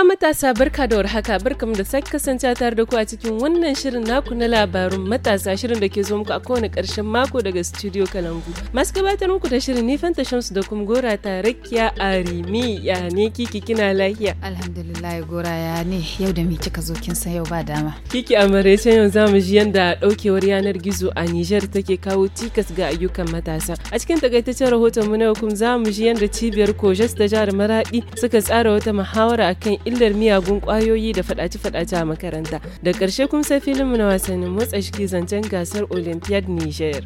uwa matasa barka da warhaka barkamu da sake kasance tare da ku a cikin wannan shirin naku na labarun matasa shirin da ke zo muku a kowane karshen mako daga studio Kalangu. Masu gabatar muku da shirin ni Fanta Shamsu da kuma Gora Tarakkiya rimi ya ne kiki kina lafiya. Alhamdulillah Gora ya ne yau da mi kika zo kin san yau ba dama. Kiki amare can yau zamu ji yanda daukewar yanar gizo a Niger take kawo cikas ga ayyukan matasa. A cikin takaitaccen rahoton mu na yau kuma zamu ji yanda cibiyar Kojes da jihar maraɗi suka tsara wata muhawara akan illar miyagun kwayoyi da fadace-fadace a makaranta da ƙarshe kuma sai filin na wasannin motsa shiki zancen gasar olympiad niger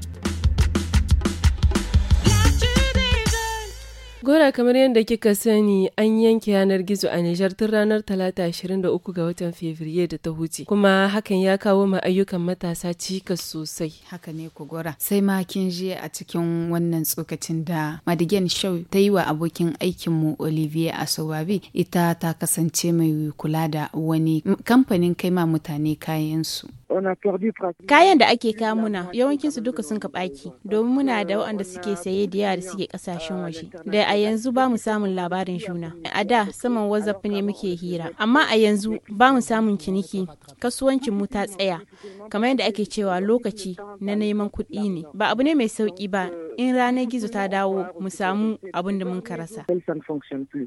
Gora kamar yadda kika sani an yanke yanar gizo a Nijar tun ranar talata 23 ga watan Fabrairu da ta huce kuma hakan ya kawo ma ayyukan matasa cikas sosai. Haka ne ku gora. Sai ma kin je a cikin wannan tsokacin da Madigen Show ta yi wa abokin aikinmu Olivier Asowabi ita ta kasance mai kula da wani kamfanin kai ma mutane kayansu. Kayan da ake kamuna yawancin su duka sun kaɓaki domin muna da euh, waɗanda suke saye da yawa da suke ƙasashen waje. Da a yanzu ba mu samun labarin juna. A da saman WhatsApp ne muke hira. Amma a yanzu ba mu samun ciniki. Kasuwancin mu ta tsaya. Kamar yadda ake cewa lokaci na neman kuɗi ne. Ba abu ne mai sauƙi ba in ranar gizo ta dawo mu samu abin da mun karasa.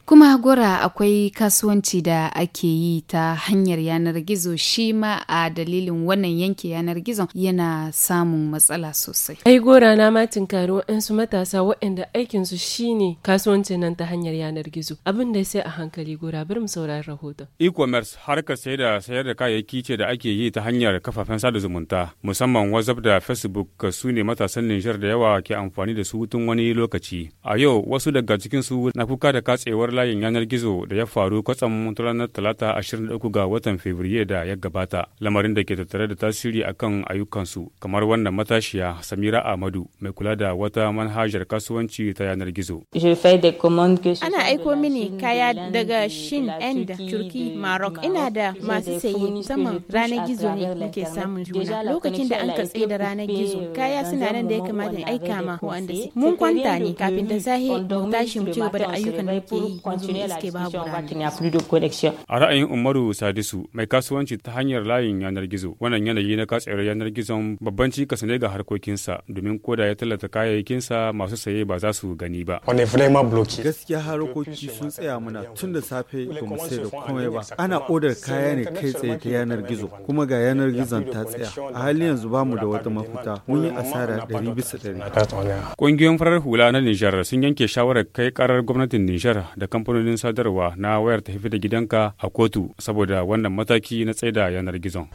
Kuma gora akwai kasuwanci da ake yi ta hanyar yanar gizo shi ma a dalilin wannan yanke yanar gizo yana samun matsala sosai. Ai gora na ma in waɗansu matasa waɗanda aikinsu shine kasuwanci nan ta hanyar yanar gizo. Abin da sai a hankali gora bari mu saurari rahoto. E-commerce harkar sayar da sayar da kayayyaki ce da ake yi ta hanyar kafafen sada zumunta musamman WhatsApp da Facebook su ne matasan Nijar da yawa ke amfani amfani da su tun wani lokaci. A yau wasu daga cikin su na kuka da katsewar layin yanar gizo da ya faru kwatsam ranar talata 23 ga watan Fabrairu da ya gabata, lamarin da ke tattare da tasiri a kan ayyukansu kamar wannan matashiya Samira Ahmadu mai kula da wata manhajar kasuwanci ta yanar gizo. Ana aiko mini kaya daga Shin End, Turki, Maroc. Ina da masu saye saman ranar gizo ne muke samun juna. Lokacin da an katse da ranar gizo, kaya suna nan da ya kamata aika ma waɗanda mun kwanta ne kafin da sahi ta tashi ci gaba da ayyukan da ke yi yanzu babu A ra'ayin Umaru Sadisu mai kasuwanci ta hanyar layin yanar gizo wannan yanayi na katsayar yanar gizon babban cikas ne ga harkokinsa domin koda ya tallata kayayyakinsa masu saye ba za su gani ba. Gaskiya harkoki sun tsaya mana tun da safe ba mu sai da komai ba. Ana odar kaya ne kai tsaye ta yanar gizo kuma ga yanar gizon ta tsaya. A halin yanzu ba mu da wata mafuta mun yi asara ɗari bisa ɗari. baya. Ƙungiyoyin farar hula na Nijar sun yanke shawarar kai karar gwamnatin Nijar da kamfanonin sadarwa na wayar tafi da gidanka a kotu saboda wannan mataki na tsaida yanar gizon.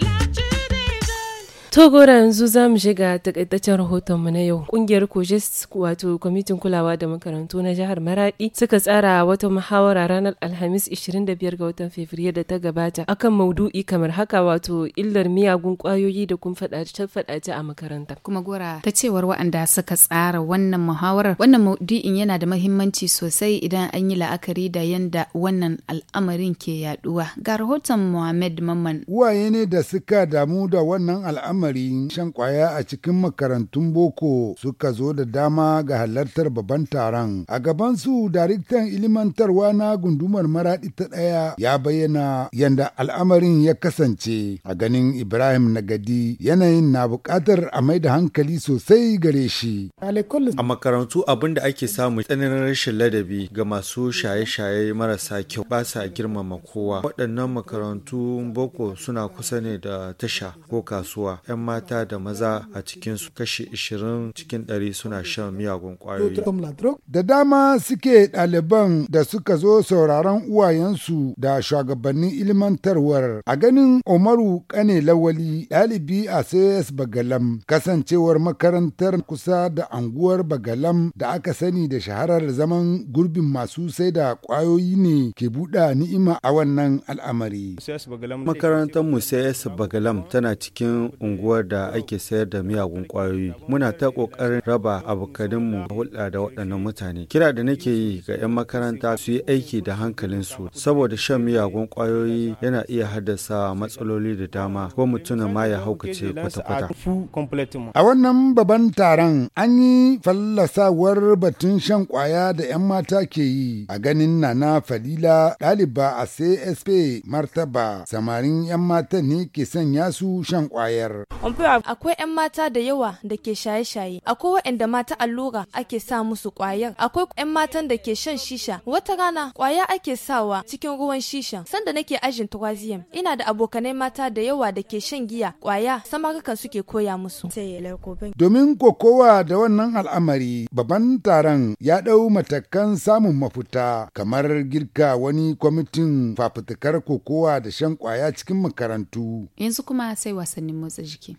Togora yanzu za mu shiga takaitaccen rahotonmu na yau. Kungiyar Kojes wato kwamitin kulawa da makarantu na jihar Maradi suka tsara wata muhawara ranar Alhamis 25 ga watan Fabrairu da ta gabata akan maudu'i kamar haka wato illar miyagun kwayoyi da kun fadace a makaranta. Kuma gora ta cewar waɗanda suka tsara wannan muhawarar wannan maudu'in yana da mahimmanci sosai idan an yi la'akari da yanda wannan al'amarin ke yaduwa. Ga rahoton Muhammad Mamman. Uwaye ne da suka damu da wannan al'amarin lamarin shan kwaya a cikin makarantun boko suka zo da dama ga halartar babban taron. A gaban su daraktan ilimantarwa na gundumar maraɗi ta ɗaya ya bayyana yadda al'amarin ya kasance. A ganin Ibrahim Nagadi yanayin na buƙatar a mai da hankali sosai gare shi. A makarantu abin da ake samu tsananin rashin ladabi ga masu shaye-shaye marasa kyau ba sa girmama kowa. Waɗannan makarantu boko suna kusa ne da tasha ko kasuwa. 'yan mata da maza a cikin su kashi 20 cikin 100 suna shan miyagun kwayoyi. Da dama suke ɗaliban da suka zo sauraron uwayensu da shugabannin ilmantarwar a ganin Umaru Kane Lawali ɗalibi a CS Bagalam kasancewar makarantar kusa da anguwar Bagalam da aka sani da shaharar zaman gurbin masu sai da kwayoyi ne ke buɗa ni'ima a wannan al'amari. Makarantar mu CS Bagalam tana cikin unguwar unguwar da ake sayar da miyagun kwayoyi muna ta kokarin raba a hulɗa da waɗannan mutane kira da nake yi ga 'yan makaranta su yi aiki da hankalin su saboda shan miyagun kwayoyi yana iya haddasa matsaloli da dama ko mutumin ma ya haukace kwata-kwata a wannan babban taron an yi fallasawar batun shan kwaya da 'yan mata ke yi a ganin nana falila ɗaliba a csp martaba samarin 'yan mata ne ke sanya su shan kwayar Akwai 'yan mata da yawa da ke shaye-shaye, akwai waɗanda mata allura ake sa musu ƙwayar, akwai 'yan matan da ke shan shisha. Wata rana ƙwaya ake sawa cikin ruwan shisha. Sanda nake ajin turaziyam, ina da abokanai mata da yawa da ke shan giya, ƙwaya, samarukan suke koya musu. Domin kokowa da wannan al'amari, babban taron ya ɗau matakan samun mafuta kamar girka wani kwamitin fafutukar kokowa da shan ƙwaya cikin makarantu. Yanzu kuma sai wasannin motsa jiki. ki.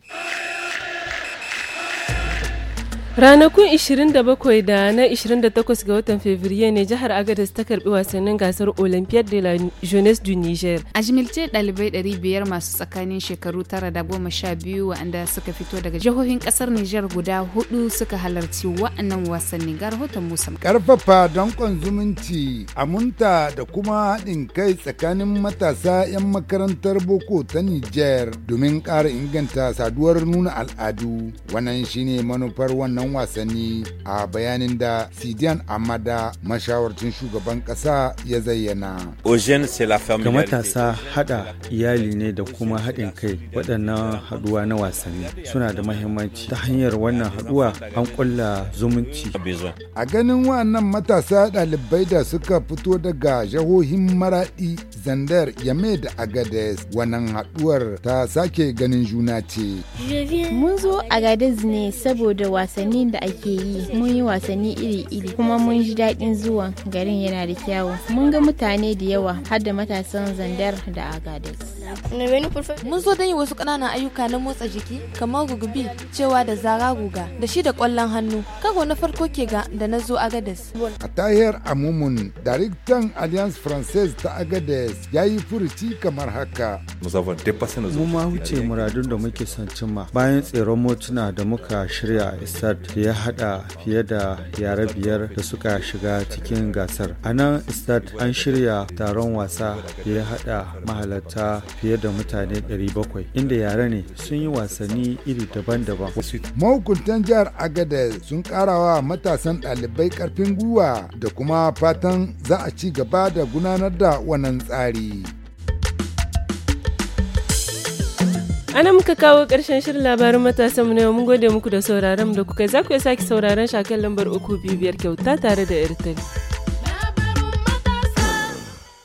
Ranakun 27 da na 28 ga watan Fabrairu ne jihar Agadez ta karbi wasannin gasar Olympiade de la Jeunesse du Niger. A jimilce dalibai 500 masu tsakanin shekaru tara da 12 waɗanda suka fito daga jihohin kasar Niger guda hudu suka halarci wa'annan wasanni ga rahoton Musa. Karfafa dankon zumunci, amunta da kuma haɗin kai tsakanin matasa 'yan makarantar boko ta Niger domin ƙara inganta saduwar nuna al'adu. Wannan shine manufar wannan sha'anin wasanni a bayanin da Sidian Amada mashawarcin shugaban kasa ya zayyana. Ga matasa haɗa iyali ne da kuma haɗin kai waɗannan haɗuwa na wasanni suna da mahimmanci ta hanyar wannan haɗuwa an ƙulla zumunci. A ganin wannan matasa ɗalibai da suka fito daga jahohin Maraɗi, Zandar, Yame da Agades wannan haɗuwar ta sake ganin juna ce. Mun zo Agades ne saboda wasanni wasannin da ake yi mun yi wasanni iri-iri kuma mun ji daɗin zuwa garin yana da kyawu mun ga mutane da yawa har da matasan zandar da agades mun so don yi wasu ƙananan ayyuka na motsa jiki kamar gugubi cewa da zara guga da shi da ƙwallon hannu kago na farko ke ga da na zo agades a tahir amumun daraktan alliance française ta agades ya yi furuci kamar haka mu ma wuce muradun da muke son cimma bayan tseron motuna da muka shirya a isar da ya hada fiye da yare biyar da suka shiga cikin gasar a nan istad an shirya taron wasa da ya hada mahalarta fiye da mutane 700 inda yare ne sun yi wasanni iri daban-daban mahukuntan jihar agada sun karawa matasan ɗalibai karfin gwiwa da kuma fatan za a ci gaba da gudanar da wannan tsari Ana muka kawo ƙarshen shirin labarin matasan mu na yau mun gode muku da sauraron da kuka za ku iya sake sauraron shakan lambar uku biyu biyar kyauta tare da irtani.